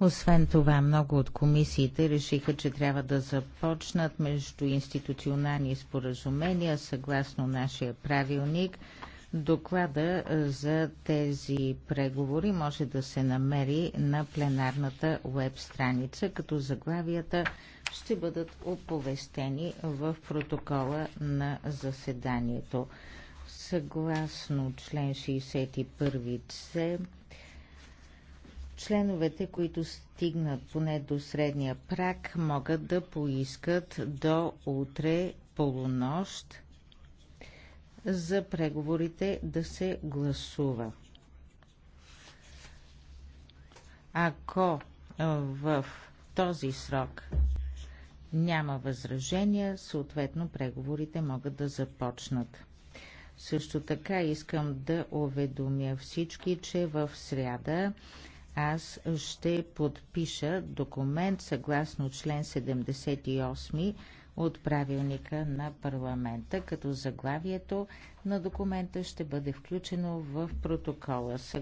Освен това, много от комисиите решиха, че трябва да започнат между институционални споразумения, съгласно нашия правилник. Доклада за тези преговори може да се намери на пленарната веб страница, като заглавията ще бъдат оповестени в протокола на заседанието. Съгласно член 61 c Членовете, които стигнат поне до средния прак, могат да поискат до утре полунощ за преговорите да се гласува. Ако в този срок няма възражения, съответно преговорите могат да започнат. Също така искам да уведомя всички, че в сряда аз ще подпиша документ съгласно член 78 от правилника на парламента, като заглавието на документа ще бъде включено в протокола.